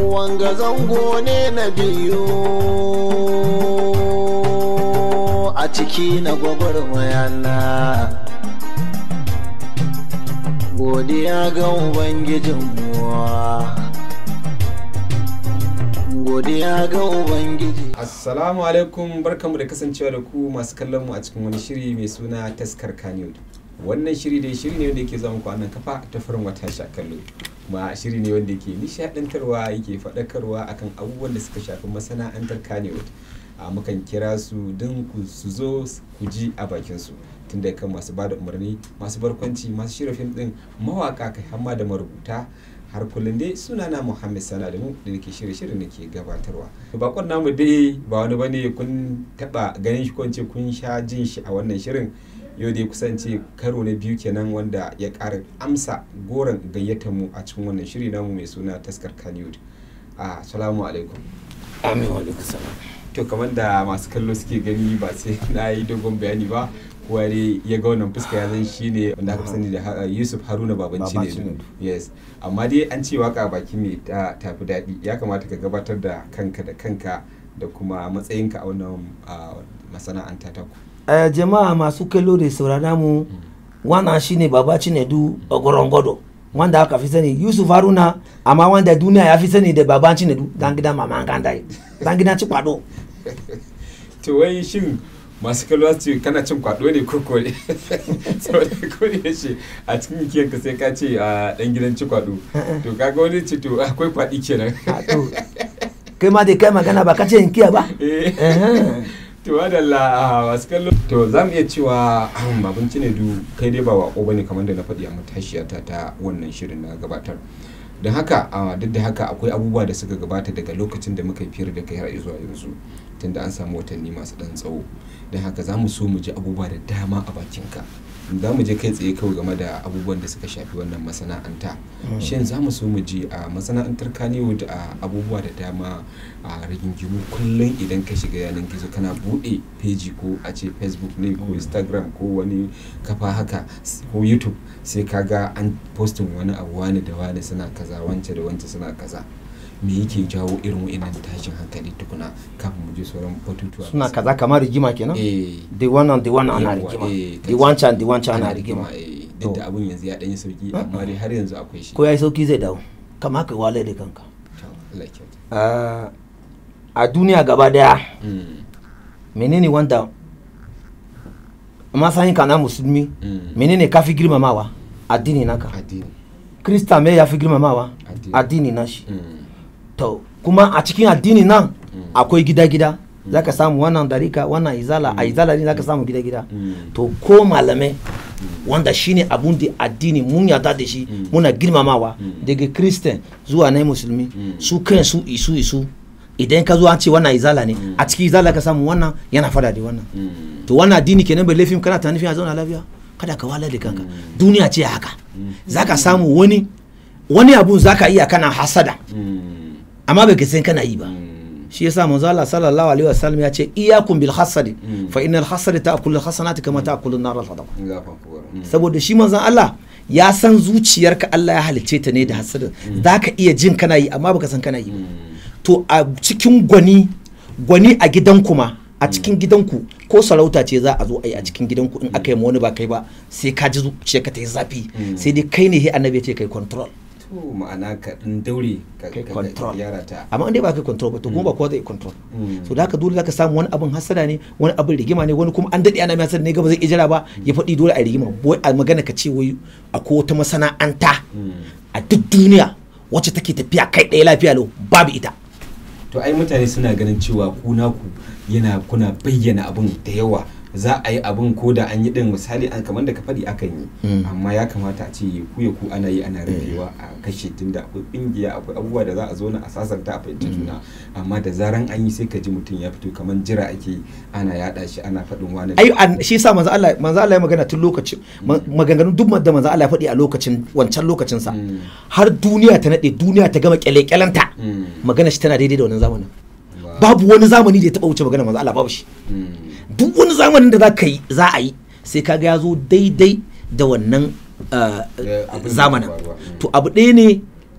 wanga zango ne na biyu a ciki na gwagwarmayana godiya ga ubangijinmu godiya ga ubangiji assalamu alaikum barkanmu da kasancewa da ku masu kallon mu a cikin wani shiri mai suna taskar kaniyod wannan shiri dai shiri ne wanda yake zama kwanan kafa ta farin wata sha kallo kuma shiri ne wanda yake nishadantarwa yake faɗakarwa akan abubuwan da suka shafi masana'antar kanewood a mukan kira su don su zo ku ji a bakin su tun da kan masu bada umarni masu barkwanci masu shirya fim din mawaka kai hamma da marubuta har kullum dai suna na muhammad sana da mu da nake shirye shirye ke gabatarwa bakon namu dai ba wani bane kun taba ganin shi ko kun sha jin shi a wannan shirin yau dai kusance karo na biyu kenan wanda ya ƙara amsa goron gayyatar mu a cikin wannan shiri namu mai suna taskar kanyud ah, assalamu alaikum amin wa salam to kamar da masu kallo suke gani ba sai na yi dogon bayani ba kowa dai ya ga wannan fuska ya zan shi ne wanda aka sani da ah, yusuf haruna babanci ne yes amma dai an ce waka baki mai tafi daɗi ya kamata ka gabatar da kanka da kanka da kuma matsayinka a wannan ah, masana'anta ta ku Uh, jama'a masu kallo da saurara mu wannan shine baba cinedu ogorongodo wanda aka fi sani yusuf haruna amma wanda duniya ya fi sani da baba cinedu dan gidan mama gandai dan gidan ci kwado to wai shin masu kallo su kana cin kwado ne ko ko ne saboda ko ne shi a cikin kiyan ka sai ka ce a ah, dan gidan ci kwado eh, eh. to kaga wani ce to akwai kwadi kenan ah, kai ma dai kai magana ba ka ce in kiya ba to adalla wasu kallo to za mu iya cewa babin ne du kai dai ba wako bane kamar da na faɗi a matashiya ta wannan shirin na gabatar don haka duk da haka akwai abubuwa da suka gabata daga lokacin da muka fiyar da kai har zuwa yanzu tunda an samu watanni masu ɗan tsawo don haka za mu so mu ji abubuwa da dama a bakinka za mu je kai tsaye kawai game da abubuwan da suka shafi wannan masana'anta mm. shin za mu so mu je a masana'antar kaniwood a abubuwa da dama a rigingimu kullum idan ka shiga yanar gizo kana bude peji ko a ce facebook ne ko mm. instagram ko wani kafa haka ko youtube sai ka ga an postin wani abu wani da wani suna kaza wance da wance suna kaza me yake jawo irin wa'annan tashin hankali tukuna kafin mu je sauran batutuwa suna kaza kamar rigima kenan eh one and the one ana rigima eh, the one chan the one chan ana rigima eh, duk da abun yanzu ya dan yi sauki amma dai har yanzu akwai shi ko yayi sauki zai dawo kamar kai wale da kanka ah, a duniya gaba daya hmm. menene wanda amma ka kana musulmi hmm. menene ka fi girmamawa addini naka addini krista me ya fi girmamawa addini nashi mm. to kuma a cikin addini nan akwai gida-gida ka samu wannan darika wannan izala a izala ne ka samu gida-gida to ko malame wanda shine abun da addini mun yarda da shi muna girmamawa daga kristen zuwa na musulmi su kan su isu isu idan ka zo an ce wannan izala ne a cikin izala ka samu wannan yana fada da wannan to wannan addini kenan bai laifin kana tunani a zauna lafiya kada ka wala da kanka duniya ce haka Za ka samu wani wani abun ka iya kana hasada amma bai san kana yi ba shi yasa manzo Allah sallallahu alaihi wasallam ya ce iyyakum bil hasad fa innal hasad ta'kulu al hasanati kama ta'kulu an-nar al hmm. saboda shi manzan Allah ya san zuciyarka Allah ya halicce ta ne da hasad hmm. zaka iya jin kana yi amma baka san kana yi ba hmm. to a cikin gwani gwani a gidan ma a cikin gidanku ko sarauta ce za a zo a yi a cikin gidanku in aka yi wani ba kai ba sai ka ji zuciyarka ta yi zafi sai dai kai ne he annabi ya ce kai control ma'ana ka daure ka amma inda ba ka control ba to mm. kuma ba kowa zai control mm. so da haka dole zaka samu wani abin hasada ne wani abin rigima ne wani kuma an daɗe ana mai hasada ne gaba zai ijira ba ya faɗi dole a rigima boy a magana ka ce wai ko wata masana'anta mm. a duk duniya wacce take tafiya kai ɗaya lafiya lau babu ita to ai mutane suna ganin cewa ku naku yana kuna bayyana abin da yawa za a yi abin ko da an yi din misali kamar da ka faɗi akan yi hmm. amma ya kamata a ce ku ya ku ana yi ana rufewa hmm. a kashe tunda akwai ƙungiya akwai abubuwa da za a zo na a sasanta a fahimci hmm. juna amma da zaran an yi sai ka ji mutum ya fito kamar jira ake ana yaɗa shi ana faɗin wani ai shi sa manzo Allah manzo Allah ya magana tun lokacin maganganun duk da manzo Allah ya faɗi a lokacin wancan lokacin sa har duniya ta nade duniya ta gama kyalekyalanta magana shi tana daidai da wannan zamanin babu wani zamani da ya taɓa wuce magana manzo Allah babu shi duk wani zamanin da za ka yi za a yi sai kaga ya zo daidai da wannan uh, eh, zamanin mm. to abu ɗaya ne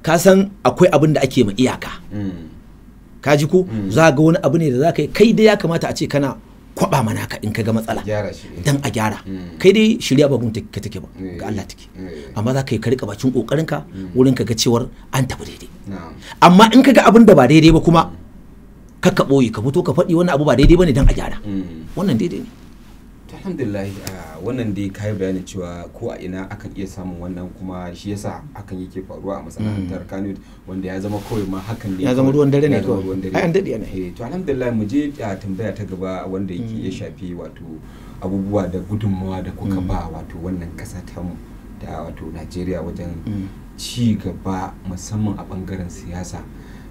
ka san akwai abin da ake ma iyaka mm. ka ji ko mm. za ga wani abu ne da za ka yi kai dai ya kamata a ce kana kwaba mana ka in ka ga matsala eh. dan a gyara kai dai shirya ba gun ka take ba eh, ga Allah take amma za ka yi karika bakin kokarin ka wurin ka ga cewar an tafi daidai amma in ka ga abin da ba daidai ba kuma kakka ɓoye ka fito ka faɗi wannan abu ba daidai bane dan a gyara mm. wannan daidai ne alhamdulillah wannan dai ka yi bayanin cewa ko a ina akan iya samun wannan kuma shi yasa yi yake faruwa a masana'antar mm. kano wanda ya zama kawai ma hakan ne ya zama ruwan dare ne kawai ruwan an dade ana eh, to alhamdulillah mu je tambaya ta gaba wanda yake ya mm. shafi wato abubuwa da gudunmawa da kuka ba wato wannan kasa ta mu da wato Najeriya wajen ci gaba musamman a bangaren siyasa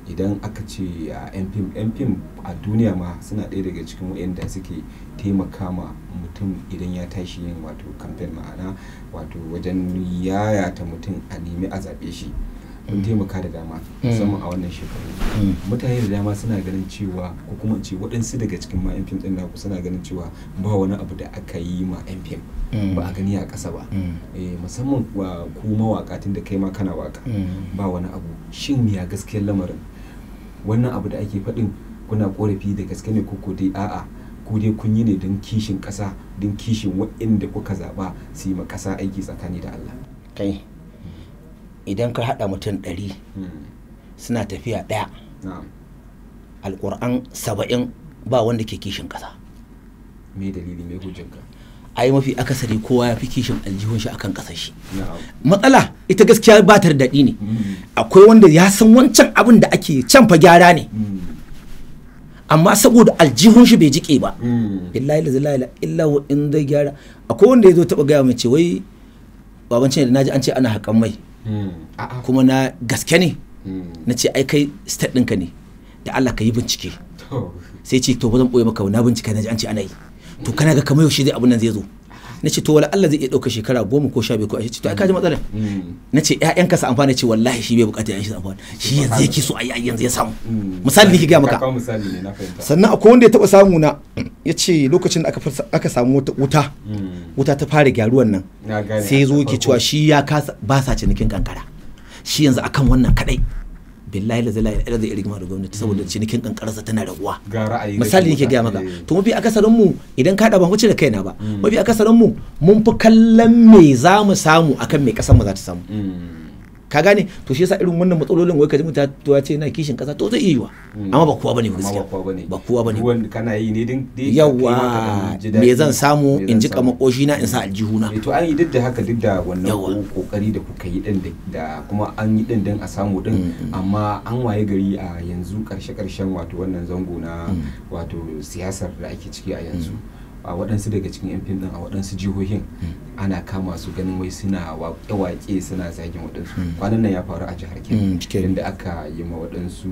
idan aka ce a yan fim a duniya ma suna ɗaya daga cikin wayanda suke taimaka ma mutum idan ya tashi yin wato kamfen ma'ana wato wajen yayata mutum a nemi a zaɓe shi mun taimaka da dama hmm. musamman a wannan shekaru hmm. mutane da dama suna ganin cewa ko kuma ce waɗansu daga cikin ma fim ɗin naku suna ganin cewa ba wani abu da aka yi ma fim hmm. ba a gani a ƙasa ba eh, musamman ku mawaƙa tun da kai ma kana waka ba wani abu shin ya gaskiyar lamarin wannan abu da ake faɗin kuna korafi da gaske ne ko dai a'a ku dai kun yi ne don kishin ƙasa don kishin waɗanda kuka zaɓa su yi ma ƙasa aiki tsakani da Allah. Kai, idan ka haɗa mutum ɗari suna tafiya ɗaya alƙur'an saba'in ba wanda ke kishin ƙasa me dalili me hujjanka a yi mafi akasari kowa ya fi kishin aljihun shi akan ƙasar shi matsala ita gaskiya ba ta daɗi ne mm. akwai wanda ya san wancan abin da ake can fa gyara ne mm. amma saboda aljihun shi bai jike ba mm. billahi la illa in gyara akwai wanda ya zo taɓa gaya mai ce wai babancin da naji an ce ana haƙan mai Hmm. kuma na gaske ne hmm. na ce ai kai state ɗinka ne da Allah ka yi bincike sai ce to ba zan ɓoye maka na bincike na ji an ce ana yi to kana ga kamar yaushe zai abun nan zai zo na ce to wala Allah zai iya ɗauka shekara goma ko sha biyu ko ce to ai kaji matsalar hmm. na ce ƴaƴanka su amfana ce wallahi shi bai bukata ƴaƴan shi su amfana shi yanzu yake so a yi yanzu ya samu hmm. misali nake gaya maka sannan akwai wanda ya taɓa samu na ya ce lokacin da aka samu wuta hmm. wuta ta fara gyaruwan nan sai ya zo yake cewa shi ya kasa ba sa cinikin kankara shi yanzu akan wannan kadai billahi la zai da zai rigima da gwamnati saboda mm. cinikin kankararsa tana raguwa misali ke gaya maka eh. to mafi akasarin mu idan ka ba wuce da kaina ba mm. mafi akasarin mu mun fi kallon me za mu samu akan me kasar mu za ta samu mm. ka gane to shi yasa irin wannan matsalolin wai ka ji mutum ta ce na kishin kasa to zai iya hmm. amma ba kuwa bane gaskiya ba kuwa bane wanda kana yi ne din yawa me zan samu in ji kamar koshi na in sa na eh, to an yi duk da haka duk da wannan kokari da kuka yi din da kuma an yi din din a samu din hmm. amma an waye gari a yanzu karshe karshen wato wannan zango na hmm. wato siyasar da ake ciki a yanzu a waɗansu daga cikin yan fim din a waɗansu jihohin hmm. ana kama su ganin wai suna waƙe-waƙe suna zagin waɗansu hmm. kwanan nan ya faru a jihar kebbi hmm, inda aka yi ma waɗansu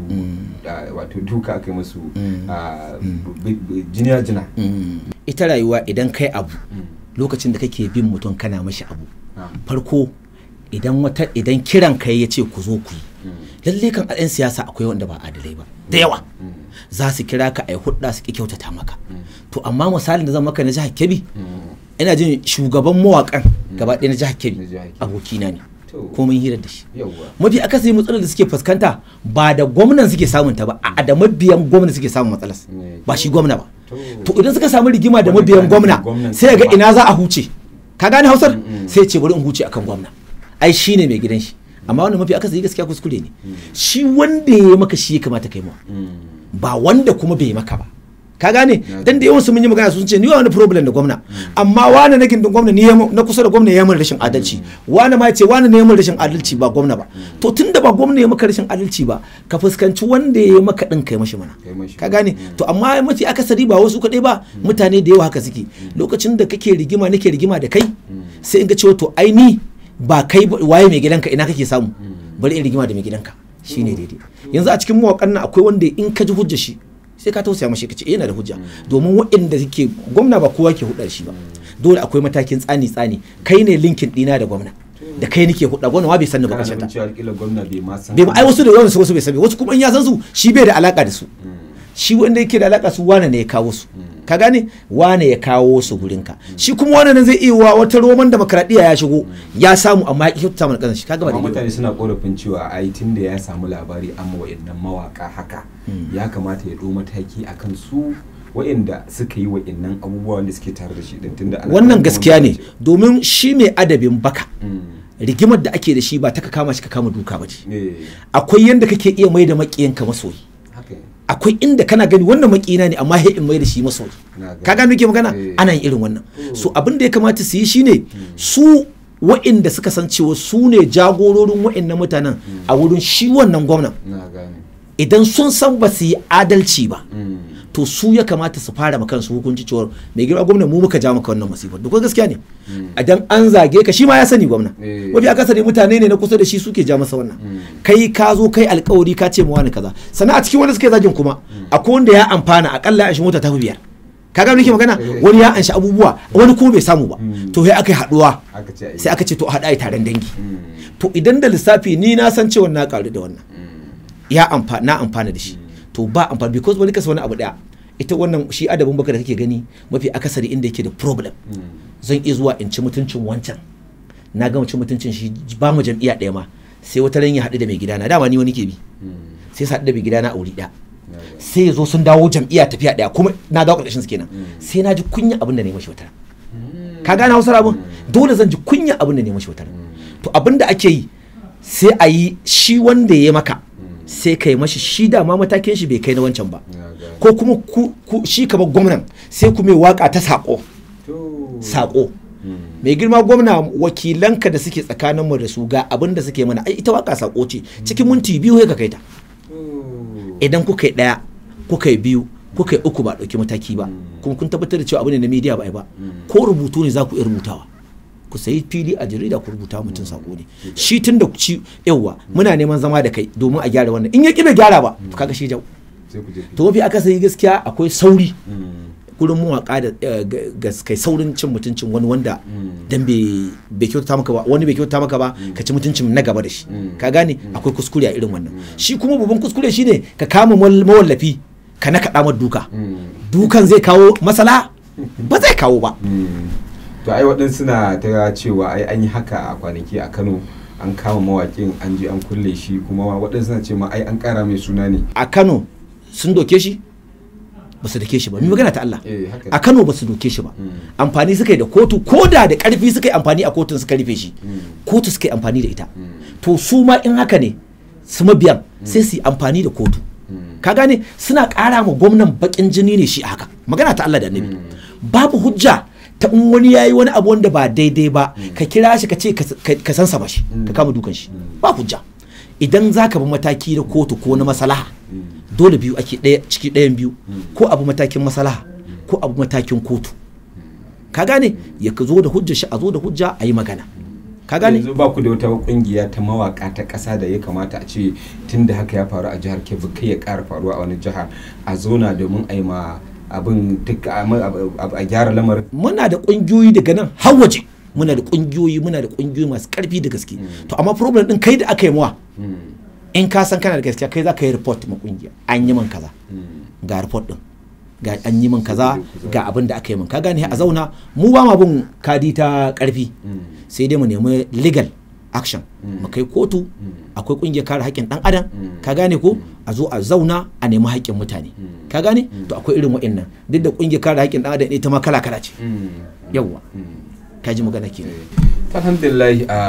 wato duka aka yi masu jiniya jina ita rayuwa idan kai abu lokacin da kake bin mutum kana mashi abu ah. farko idan wata idan kiran kai ya ce ku zo ku yi lalle kan a siyasa akwai wanda ba adalai ba da yawa za su kira ka a yi hudda su ki kyautata maka to amma misalin da zan maka na jihar kebbi ina jin shugaban mawakan gaba ɗaya na jihar kebbi abokina ne ko mun hira da shi mafi akasari matsalar da suke fuskanta ba da gwamnan suke samun ta ba a da mabiyan gwamnan suke samun matsalar ba shi gwamna ba to idan suka samu rigima da mabiyan gwamna sai ga ina za a huce ka gane hausar mm, mm. sai ce bari in huce akan gwamna ai shine mai gidan shi amma wannan mafi akasari gaskiya kuskure ne mm. shi wanda ya maka shi ya kamata kai ma ba wanda kuma bai maka ba ka gane dan da yawan su mun yi magana sun ce ni wani problem da gwamna mm. amma wani na gindin gwamna ni na kusa da gwamna ya rashin adalci mm. wani ma ce wani ne ya rashin adalci ba gwamna ba mm. to tunda ba gwamna ya maka rashin adalci ba ka fuskanci wanda ya maka din kai mashi mana ka gane to amma mafi akasari ba wasu kadai ba mutane da yawa haka suke lokacin da kake rigima nake rigima da kai sai in ga cewa to ai ni ba kai waye mai gidanka ina kake samu bari in rigima da mai gidanka shine daidai yanzu a cikin mawakan nan akwai wanda in ka ji hujjar shi sai ka tausaya mashi kace eh, yana da hujja domin waɗanda suke gwamna ba kowa ke hudar shi ba dole akwai matakin tsani tsani kai ne linkin dina da gwamna da kai nake hudar gwamna bai san ni ba kashe ta bai ma ai wasu da gwamna su wasu bai san wasu kuma in ya san su shi bai da alaka da su hmm. shi wanda yake da alaka su wane ne ya kawo su ka gane wane ya kawo su gurinka. shi kuma wane ne zai iya wa wata roman demokradiya ya shigo ya samu amma ya kyautata mana kasan shi ka gaba da mutane suna korafin cewa ai da ya samu labari amma wayannan mawaka haka hmm. ya kamata ya doma mataki akan su wa'inda suka yi wa'innan abubuwa wanda suke tare da shi din tunda wannan gaskiya ne domin shi mai adabin baka hmm. rigimar da ake da shi ba ta ka kama shi ka kama duka ba ce eh. akwai yanda kake iya mai da maƙiyanka masoyi akwai inda kana gani wannan makina ne amma he in mai da shi maso ka gano ke magana eh. ana yin irin wannan oh. so abin da ya kamata su yi shine hmm. su wa'inda suka san cewa su ne jagororin wa'innan mutanen hmm. a wurin shi wannan gwamnan idan sun san ba su yi adalci ba hmm. to su ya kamata su fara maka su hukunci cewa mai girma gwamna mu muka ja maka wannan masifar duk gaskiya ne a hmm. dan an zage ka shi ma ya sani gwamna eh. mafi akasari mutane ne na kusa da shi suke ja masa wannan hmm. kai ka zo kai alkawari ka ce mu wani kaza sannan a cikin wanda suke zagin kuma hmm. akwai wanda ya amfana akalla ya shi mota ta biyar Ka kaga nake magana eh. wani ya anshi abubuwa wani kuma bai samu ba to sai aka yi haduwa sai aka ce to a haɗa taron dangi to idan da lissafi ni na san cewa na karu da wannan ya amfana na amfana da shi to ba amfani because wani kasa wani abu daya ita wannan shi adabin baka da kake gani mafi akasari inda yake da problem hmm. zan iya zuwa in ci mutuncin wancan na gama ci mutuncin shi ba mu jam'iyya ɗaya ma sai wata ran ya haɗu da mai gidana dama ni wani ke bi hmm. sai sa haɗu da mai gidana a wuri ɗaya sai ya zo sun dawo jam'iyya tafiya ɗaya kuma na dawo ƙarƙashin su kenan hmm. sai na ji kunya abin da ne mashi wata ka gane hausar rabin dole zan ji kunya abin da ne mashi wata to abin da ake yi sai a yi shi wanda ya maka sai kai mashi shi dama matakin shi bai kai na wancan ba ko kuma shi kama gwamnan sai ku mai waka ta sako sako hmm. mai girma gwamna wakilanka da suke tsakanin tsakaninmu da su ga abin da suke mana Ai ita waka sako ce hmm. cikin minti biyu ka kai ta idan kuka yi ɗaya kuka yi biyu kuka yi hmm. uku ba ɗauki mataki ba kuma kun tabbatar da cewa abu ne na media ba ba ko rubutu ne za ku iya rubutawa ku sayi fili a jarida ku rubuta mutum sako ne shi tun da ku ci yawa muna neman zama da kai domin a gyara wannan in ya ƙi gyara ba kaga shi jau to mafi akasari gaskiya akwai sauri mm. gurin mawaka da eh, gaskai saurin cin mutuncin wani wanda mm. dan bai kyautata maka ba wani bai kyautata maka ba mm. ka ci mutuncin na gaba da shi ka gane akwai kuskure a irin wannan shi kuma babban kuskure shine ka kama mawallafi ka na kaɗa duka dukan zai kawo masala ba zai kawo ba to ai waɗansu suna ta cewa ai an yi haka a kwanaki a Kano an kama mawakin an je an kulle shi kuma waɗansu suna ce ma ai an ƙara mai suna ne a Kano sun doke shi ba su doke shi ba mai magana ta Allah eh, a Kano ba su doke shi ba hmm. amfani suka yi da kotu ko da da karfi suka yi amfani a kotun suka rufe shi hmm. kotu suka yi amfani da ita hmm. to su ma in haka ne su mabiyan sai su yi amfani da kotu ka gane suna kara ma gwamnan bakin jini ne shi haka magana ta Allah da annabi babu hujja ta in wani yayi wani abu wanda ba daidai ba ka kira shi ka ce ka san sa ba shi ka kama dukan shi ba hujja idan zaka bi mataki da kotu ko na masalaha dole biyu ake ɗaya ciki ɗayan biyu ko abu matakin masalaha ko abu matakin kotu ka gane ya zo da hujja shi a zo da hujja a yi magana ka gane yanzu ba ku da wata kungiya ta mawaka ta kasa da ya kamata a ce tun da haka ya faru a jihar Kebbi kai ya kara faruwa a wani jihar a zona domin a yi ma abin a gyara lamarin muna da kungiyoyi daga nan har waje muna da kungiyoyi muna da kungiyoyi masu karfi da gaske hmm. to amma problem din kai da aka yi mawa hmm. in ka san kana da gaskiya kai za ka yi report ma kungiya an yi min kaza ga report din ga an yi min kaza ga abin da aka yi min ka gane a zauna mu ba ma bin kadi ta karfi sai dai mu nemi legal action mu kai kotu akwai kungiyar kare haƙƙin ɗan adam ka gane ko a zo a zauna a nemi haƙƙin mutane ka gane to akwai irin wa'annan duk da kungiyar kare haƙƙin ɗan adam ita ma kala kala ce mm. yawwa ka ji magana kenan eh. alhamdulillah a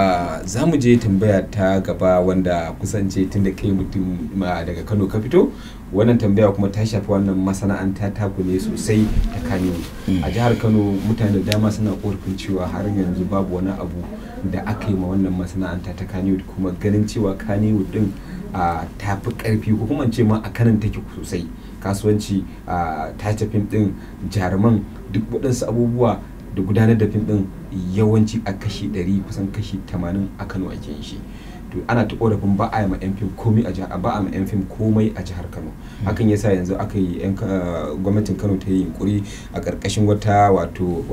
za mu je tambaya ta gaba wanda kusance tun da kai mutum daga kano ka fito wannan tambaya kuma ta shafi wannan masana'anta ta ne sosai ta kano a mm. jihar kano mutane da dama suna korafin cewa har yanzu babu wani abu da aka yi ma wannan masana'anta ta kano kuma ganin cewa kano din ta fi karfi ko kuma ce ma a kanan take sosai kasuwanci ta tafin din jaruman duk waɗansu abubuwa da gudanar da fim din yawanci a kashi 100 kusan kashi 80 a kano ake yin shi to ana ta korafin ba a yi ma yan fim komai a jihar ba a ma yan fim komai a jihar Kano hmm. hakan yasa yanzu aka yi yan gwamnatin Kano ta yi yunkuri a karkashin wata wato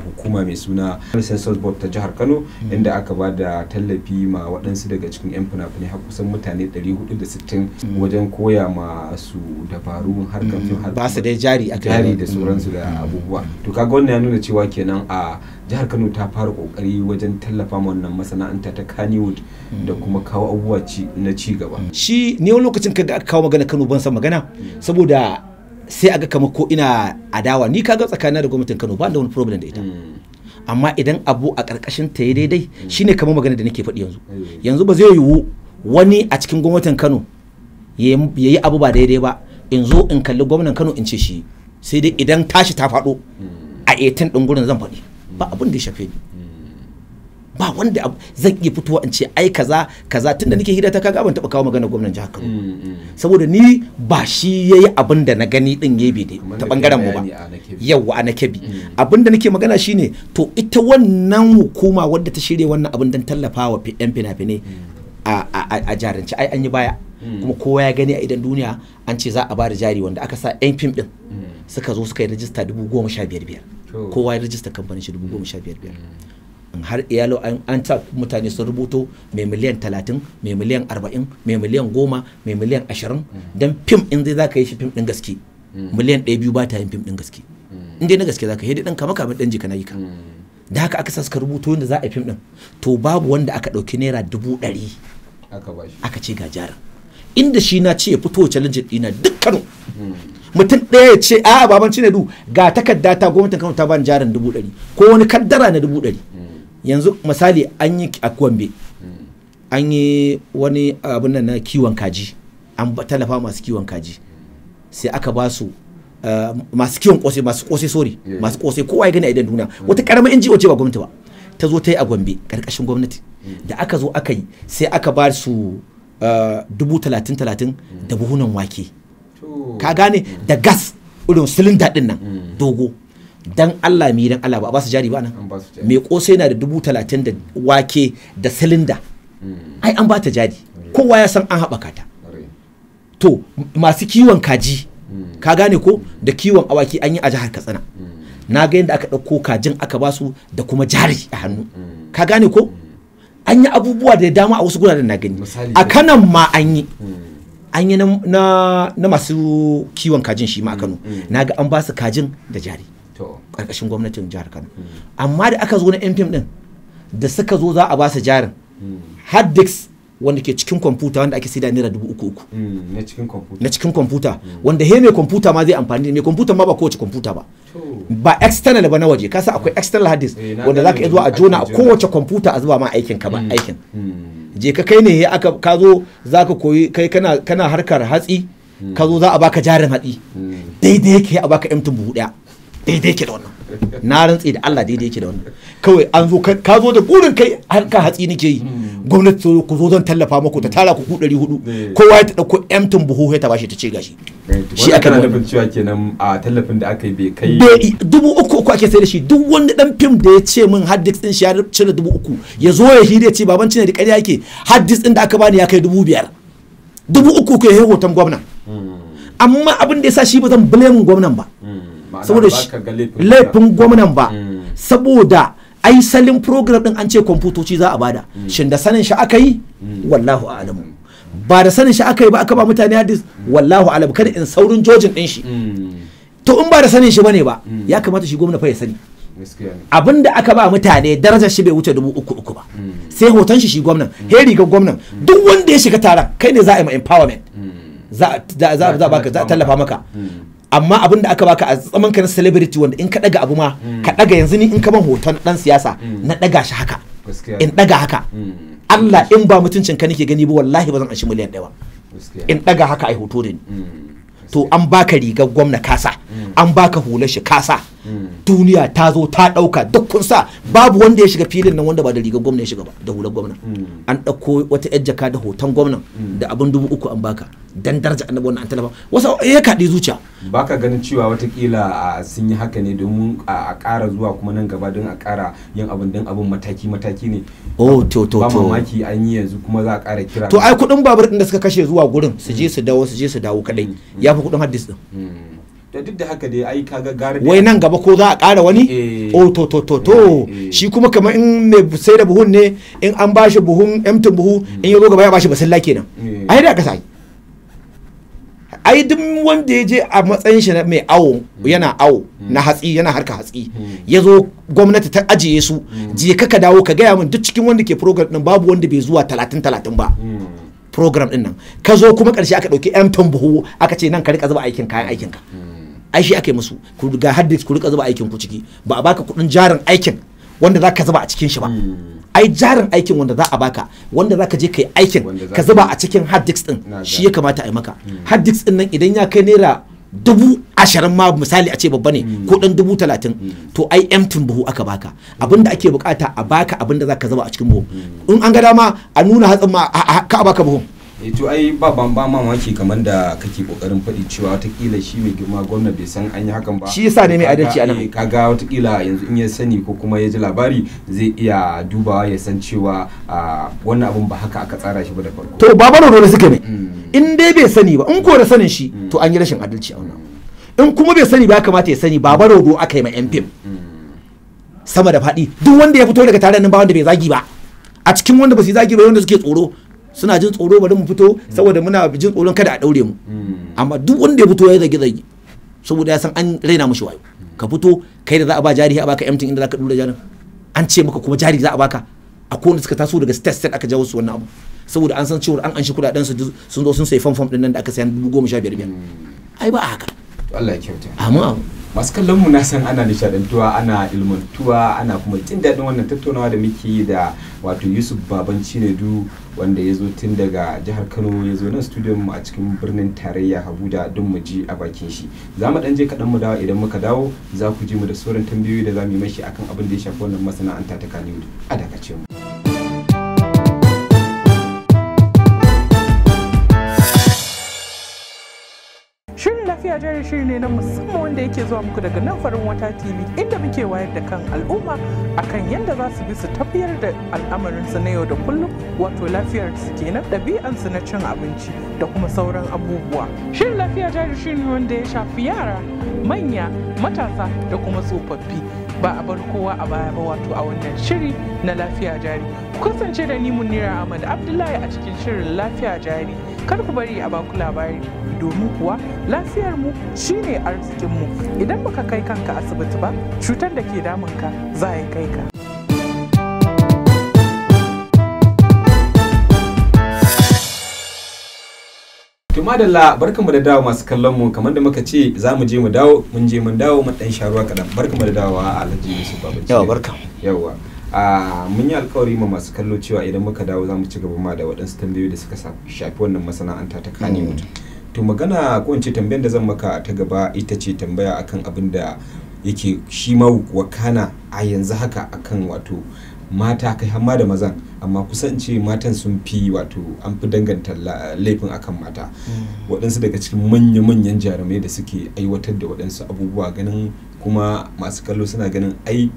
hukuma mai suna Census Board ta jihar Kano hmm. inda aka ba da tallafi ma waɗansu daga cikin yan fina-finai har kusan mutane 460 hmm. wajen koya ma su dabaru harkar fim har ba su dai jari a jari da sauransu da abubuwa to kaga wannan ya nuna cewa kenan a jihar kano ta fara kokari wajen tallafa wannan masana'anta ta kannywood da kuma kawo abubuwa na ci gaba shi ne wani lokacin ka aka kawo magana kano ban san magana saboda sai aga kamar ko ina adawa ni ka ga tsakanin da gwamnatin kano ba da wani problem da ita mm. amma idan abu a karkashin ta ya daidai mm. shine kamar magana da nake faɗi yanzu yanzu ba zai yiwu wani a cikin gwamnatin kano ya yi abu ba daidai ba in zo in kalli gwamnan kano in ce shi sai dai idan tashi ta faɗo mm. a 18 ɗin gurin zan faɗi ba abin da ya shafe ni ba wanda zan iya fitowa in ce ai kaza kaza tunda nake hira ta kaga ban taba kawo magana gwamnan jihar Kano mm, mm. saboda ni ba shi yayi abin da na gani din yayi bai ta bangaren mu ba yawa a nakebi mm. abin da nake magana shine to ita wannan hukuma wadda ta shirye wannan abin dan tallafawa yan fina-finai a jarinci ai an yi baya kuma kowa ya gani a idan duniya an ce za a ba da jari wanda aka sa yan fim ɗin. suka zo suka yi rajista dubu goma sha biyar biyar kowa ya rajista kamfanin shi dubu goma sha biyar biyar hmm. in har iyalo an ta mutane sun rubuto mai miliyan talatin mai miliyan arba'in mai miliyan goma mai miliyan ashirin hmm. don fim in zai zaka yi shi fim din gaske hmm. miliyan ɗaya biyu ba ta yin fim din gaske in dai na gaske zaka yi dan kama kama ɗan jika na yi ka da haka aka suka rubuto yadda za a yi fim din to babu wanda aka ɗauki naira dubu ɗari aka ce ga jarin inda shi na ce ya fito challenge ɗina duk kano mutum ɗaya ya ce a baban du. ga takarda ta gwamnatin kano ta ban jarin dubu ɗari ko wani kaddara na dubu ɗari yanzu misali an yi a kwambe an yi wani abin nan na kiwon kaji an tallafa masu kiwon kaji sai aka ba su eh, masu kiwon kose masu kose sori masu kose kowa ya gani a idan duniya wata karamar inji wace ba gwamnati ba ta zo ta yi a gombe karkashin gwamnati mm. da aka zo aka yi sai aka ba su eh, dubu talatin talatin da buhunan wake ka gane da gas irin silinda din nan mm. dogo dan Allah mi dan Allah ba ba su jari ba nan Me kosai na da dubu talatin da wake da silinda mm. ai an ba ta jari kowa ya san an haɓaka ta to masu kiwon kaji mm. ka gane ko da kiwon awaki an yi a jihar katsina na ga yadda aka ɗauko kajin aka ba su da kuma jari a hannu ka gane ko an yi abubuwa da dama a wasu guraren na gani a kanan ma an yi an yi na masu kiwon kajin shi ma a mm, Kano mm. na ga an ba su kajin da jari Ƙarƙashin gwamnatin jihar Kano mm. amma da aka zo na MPM din da suka zo za a ba su jarin hard disk wanda ke cikin kwamfuta wanda ake saida naira dubu uku uku na cikin kwamfuta wanda he mai kwamfuta ma zai amfani mai kwamfuta ma ba kowace kwamfuta ba ba external ba na waje kasa akwai external hard disk eh, wanda ka iya zuwa a jona a kowace kwamfuta a zuba ma aikin ka ba aikin je ka kai ne aka ka zo za ka koyi kai kana harkar hatsi ka zo za a baka jarin hatsi mm. daidai yake a baka emtin buhu daya daidai ke da wannan na rantsi da Allah daidai ke da wannan kawai an zo ka zo da burin kai har ka hatsi nake yi gwamnati zo ku zo zan tallafa muku ta tara ku ku 400 eh. kowa ya ta dauko emtin buhu ya ta bashi ta ce gashi eh, shi aka nuna nufin cewa kenan a tallafin da aka yi bai kai bai dubu uku uku ake sai da shi duk wanda dan fim da ya ce min haddis din shi ya cire dubu uku ya zo ya hire ce baban cinye da ƙarya yake haddis din da aka bani ya kai dubu biyar dubu uku ku ya hoton gwamna hmm. amma abin da ya sa shi ba zan blame gwamnan ba saboda laifin gwamnan ba hmm. saboda salin program din an ce kwamfutoci za a bada hmm. shin da sanin shi aka yi hmm. wallahu a'lamu ba da sanin shi aka yi ba aka ba mutane hadis wallahu a'lamu kada in saurin jojin din shi to in ba da sanin shi bane ba ya kamata shi gwamna fa ya sani abin aka ba mutane darajar shi bai wuce dubu uku uku ba sai hoton shi shi gwamnan he rigar gwamnan duk wanda ya shiga taron kai ne za a yi ma empowerment za a tallafa maka amma abin da aka baka a tsaman ka na celebrity wanda in ka daga abu ma mm. ka daga yanzu ni in ka ban hoton dan siyasa mm. na daga shi haka in daga haka mm. Allah in ba mutuncin ka nake gani ba wallahi ba zan anshi miliyan ɗaya ba in daga haka ai hoto da to an baka rigar gwamna kasa Mm. an baka hular shi kasa mm. duniya ta zo ta dauka duk kun sa babu wanda ya shiga filin nan wanda ba da rigar gwamna ya shiga ba da hular gwamna mm. an dauko wata yar jaka da hoton gwamnan da abin dubu uku an baka dan daraja annabi wannan an talaba wasu ya kadi zuciya baka ganin cewa watakila sun yi haka ne domin a ƙara zuwa kuma nan gaba don a ƙara yin abin don abin mataki mataki ne oh to to to mamaki an yi yanzu kuma za a ƙara kira to ai kuɗin babur din da suka kashe zuwa gurin su je su dawo su je su dawo kadai yafi kuɗin haddis din wai nan gaba ko za a kara wani eh. o oh, to to to to eh, eh. shi kuma kamar in mai sai da buhun ne in an bashi buhun emtin buhu mm. in ya zo gaba ya bashi basilla kenan ai da aka sai ai duk wanda ya je a matsayin shi mai awo mm. yana awo mm. na hatsi yana harka hatsi ya zo gwamnati ta ajiye su je ka ka dawo ka gaya min duk cikin wanda ke program din babu wanda bai zuwa talatin talatin ba program din nan ka zo kuma karshe aka dauki yan buhu aka ce nan ka rika zuba aikin kayan aikinka ai shi aka yi musu ku ga hard disk ku rika zuba aikin ku ciki ba a baka kudin jarin aikin wanda zaka zuba a cikin shi ba hmm. ai jarin aikin wanda za a baka wanda zaka je kai aikin ka zuba a cikin hard disk din shi ya kamata a yi maka hmm. hard disk din nan idan ya kai naira dubu ashirin ma misali a ce babba ne hmm. ko dan dubu talatin to ai emtin buhu aka baka abinda ake bukata a baka abinda zaka zuba a cikin buhu in an ga dama a nuna hatsin ma ka baka buhun e to ai ba ban ba mamaki kamar da kake kokarin faɗi cewa watakila shi mai girma gwamna bai san an yi hakan ba shi yasa ne mai adalci anan eh, kaga watakila yanzu in ya sani ko kuma ya ji labari zai iya dubawa ya san cewa ah, wannan abun ba haka aka tsara shi ba da farko to ba rodo dole suka ne mm. in dai bai sani ba in ko da sanin shi mm. to an yi rashin adalci a wannan in kuma bai sani ba ya kamata ya sani ba rodo aka yi ma yan fim mm. sama da faɗi duk wanda ya fito daga tare nan ba wanda bai zagi ba a cikin wanda ba su zagi ba wanda suke tsoro suna jin tsoro bari mu fito saboda muna jin tsoron kada a daure mu hmm. amma duk wanda ya fito ya zage zage saboda ya san an raina mushi wayo ka fito kai da za a ba jari a baka emtin inda za ka dura jarin an ce maka kuma jari za a baka a kowane suka taso daga state state aka jawo su wannan abu saboda an san cewa an anshi kudaden su sun zo sun sai fam fam din nan da aka sayan dubu goma sha biyar biyar hmm. ai ba haka Allah ya kyauta amma masu kallon mu na san ana nishadantuwa ana ilmantuwa ana kuma jin daɗin wannan tattaunawa da muke yi da wato yusuf baban du wanda ya zo tun daga jihar kano ya zo nan studio mu a cikin birnin tarayya da don mu ji a bakin shi za mu ɗan je kaɗan mu dawo idan muka dawo za ku ji mu da sauran tambayoyi da za mu yi mashi akan abin da ya shafi wannan masana'anta ta kaniwood a dakacin mu. Najeriya shiri ne na musamman wanda yake zuwa muku daga nan farin wata TV inda muke wayar da kan al'umma akan yadda za su bi su tafiyar da al'amarinsu na yau da kullum wato lafiyar su kenan ɗabi'ansu na cin abinci da kuma sauran abubuwa. Shirin lafiya jari shiri wanda ya shafi yara, manya, matasa da kuma tsofaffi. ba a bar kowa a baya ba wato a wannan shiri na lafiya jari kasance da ni munira ahmad abdullahi a cikin shirin lafiya jari kar ku bari a baku labari domin kuwa lafiyar mu shine arzikin mu idan baka kai kanka asibiti ba cutar da ke damunka za ya kai ka to madalla barkanmu da dawo masu kallon mu kamar da muka ce za mu je mu dawo mun je mun dawo mun dan sharuwa kadan mu da dawowa alhaji yusuf babaji yawa barka yawa mun yi alkawari ma masu kallo cewa idan muka dawo za mu ci gaba ma da waɗansu tambayoyi da suka shafi wannan masana'anta ta kane mm. mutum to magana ko in ce tambayar da zan maka ta gaba ita ce tambaya akan abin da yake shi ma wakana a yanzu haka akan wato mata kai hamma da mazan amma kusance matan sun fi wato an fi danganta laifin akan mata mm. waɗansu daga cikin manya-manyan jarumai da suke aiwatar da waɗansu abubuwa ganin kuma masu kallo suna ganin ai